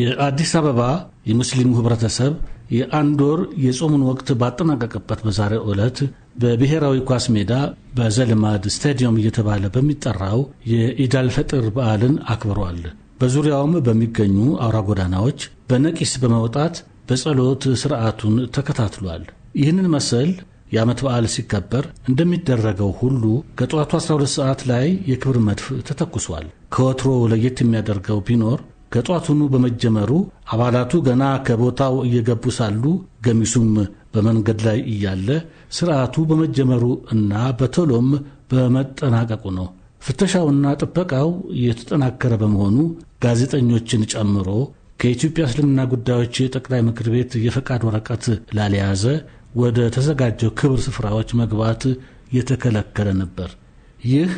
የአዲስ አበባ የሙስሊም ህብረተሰብ የአንድ ወር የጾሙን ወቅት ባጠናቀቀበት በዛሬው ዕለት በብሔራዊ ኳስ ሜዳ በዘልማድ ስታዲየም እየተባለ በሚጠራው የኢዳል ፈጥር በዓልን አክብሯል። በዙሪያውም በሚገኙ አውራ ጎዳናዎች በነቂስ በመውጣት በጸሎት ስርዓቱን ተከታትሏል። ይህንን መሰል የዓመት በዓል ሲከበር እንደሚደረገው ሁሉ ከጠዋቱ 12 ሰዓት ላይ የክብር መድፍ ተተኩሷል። ከወትሮ ለየት የሚያደርገው ቢኖር ከጧቱኑ በመጀመሩ አባላቱ ገና ከቦታው እየገቡ ሳሉ ገሚሱም በመንገድ ላይ እያለ ስርዓቱ በመጀመሩ እና በቶሎም በመጠናቀቁ ነው። ፍተሻውና ጥበቃው የተጠናከረ በመሆኑ ጋዜጠኞችን ጨምሮ ከኢትዮጵያ እስልምና ጉዳዮች ጠቅላይ ምክር ቤት የፈቃድ ወረቀት ላልያዘ ወደ ተዘጋጀው ክብር ስፍራዎች መግባት የተከለከለ ነበር። ይህ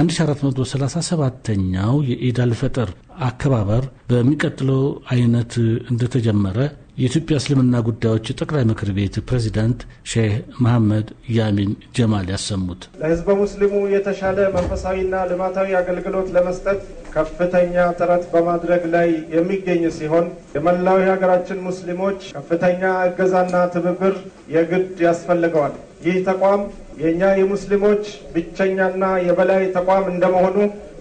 1437ኛው የኢድ አልፈጠር አከባበር በሚቀጥለው አይነት እንደተጀመረ የኢትዮጵያ እስልምና ጉዳዮች ጠቅላይ ምክር ቤት ፕሬዚዳንት ሼህ መሐመድ ያሚን ጀማል ያሰሙት ለህዝበ ሙስሊሙ የተሻለ መንፈሳዊና ልማታዊ አገልግሎት ለመስጠት ከፍተኛ ጥረት በማድረግ ላይ የሚገኝ ሲሆን የመላው የሀገራችን ሙስሊሞች ከፍተኛ እገዛና ትብብር የግድ ያስፈልገዋል። ይህ ተቋም የእኛ የሙስሊሞች ብቸኛና የበላይ ተቋም እንደመሆኑ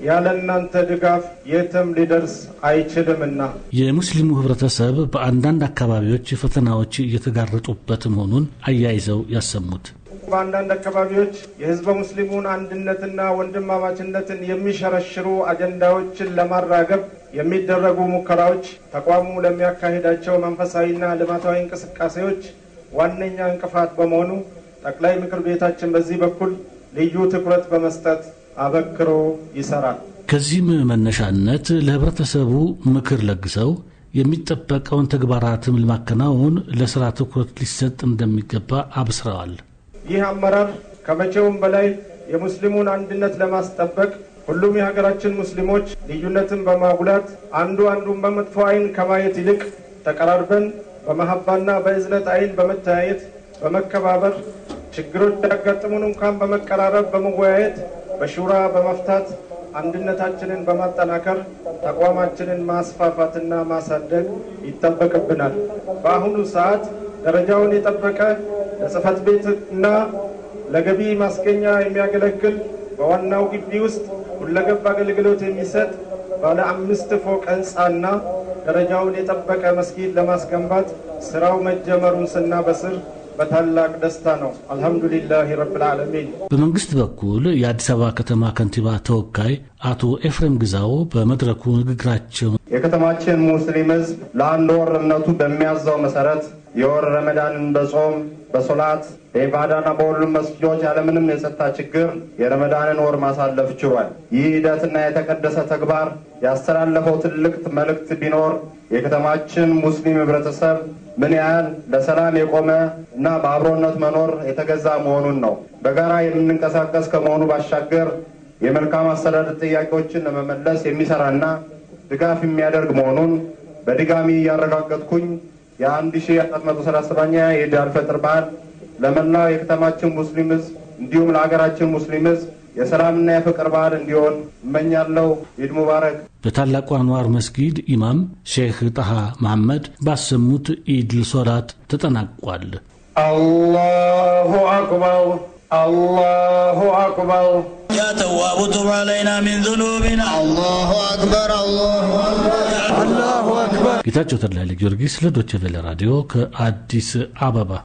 ያለ እናንተ ድጋፍ የትም ሊደርስ አይችልምና። የሙስሊሙ ህብረተሰብ በአንዳንድ አካባቢዎች ፈተናዎች እየተጋረጡበት መሆኑን አያይዘው ያሰሙት በአንዳንድ አካባቢዎች የህዝበ ሙስሊሙን አንድነትና ወንድማማችነትን የሚሸረሽሩ አጀንዳዎችን ለማራገብ የሚደረጉ ሙከራዎች ተቋሙ ለሚያካሂዳቸው መንፈሳዊና ልማታዊ እንቅስቃሴዎች ዋነኛ እንቅፋት በመሆኑ ጠቅላይ ምክር ቤታችን በዚህ በኩል ልዩ ትኩረት በመስጠት አበክሮ ይሰራል። ከዚህም መነሻነት ለህብረተሰቡ ምክር ለግሰው የሚጠበቀውን ተግባራትም ለማከናወን ለስራ ትኩረት ሊሰጥ እንደሚገባ አብስረዋል። ይህ አመራር ከመቼውም በላይ የሙስሊሙን አንድነት ለማስጠበቅ ሁሉም የሀገራችን ሙስሊሞች ልዩነትን በማጉላት አንዱ አንዱን በመጥፎ አይን ከማየት ይልቅ ተቀራርበን በመሀባና በእዝነት አይን በመተያየት በመከባበር ችግሮች ያጋጥሙን እንኳን በመቀራረብ በመወያየት በሹራ በመፍታት አንድነታችንን በማጠናከር ተቋማችንን ማስፋፋትና ማሳደግ ይጠበቅብናል። በአሁኑ ሰዓት ደረጃውን የጠበቀ ለጽህፈት ቤትና ለገቢ ማስገኛ የሚያገለግል በዋናው ግቢ ውስጥ ሁለገብ አገልግሎት የሚሰጥ ባለ አምስት ፎቅ ህንፃና ደረጃውን የጠበቀ መስጊድ ለማስገንባት ስራው መጀመሩን ስናበስር በታላቅ ደስታ ነው። አልሐምዱሊላህ ረብልዓለሚን በመንግስት በኩል የአዲስ አበባ ከተማ ከንቲባ ተወካይ አቶ ኤፍሬም ግዛው በመድረኩ ንግግራቸው የከተማችን ሙስሊም ህዝብ ለአንድ ወርነቱ በሚያዘው መሰረት የወር ረመዳንን በጾም በሶላት በኢባዳና በሁሉም መስጊዶች ያለምንም የጸጥታ ችግር የረመዳንን ወር ማሳለፍ ችሏል። ይህ ሂደትና የተቀደሰ ተግባር ያስተላለፈው ትልቅ መልእክት ቢኖር የከተማችን ሙስሊም ህብረተሰብ ምን ያህል ለሰላም የቆመ እና በአብሮነት መኖር የተገዛ መሆኑን ነው። በጋራ የምንንቀሳቀስ ከመሆኑ ባሻገር የመልካም አስተዳደር ጥያቄዎችን ለመመለስ የሚሰራና ድጋፍ የሚያደርግ መሆኑን በድጋሚ እያረጋገጥኩኝ የ1437ኛ የኢድ አልፈጥር በዓል ለመላው የከተማችን ሙስሊም ህዝብ እንዲሁም ለሀገራችን ሙስሊም ህዝብ የሰላምና የፍቅር ባህል እንዲሆን እመኛለሁ። ኢድ ሙባረክ። በታላቁ አንዋር መስጊድ ኢማም ሼህ ጣሃ መሐመድ ባሰሙት ኢድ ልሶላት ተጠናቋል። አላሁ አክበር አላሁ አክበር ያ ተዋቡ ቱብ አለይና ሚን ዙኑቢና አላሁ አክበር አላሁ አክበር ጌታቸው ተድላ ኃይለ ጊዮርጊስ ለዶቼ ቬለ ራዲዮ ከአዲስ አበባ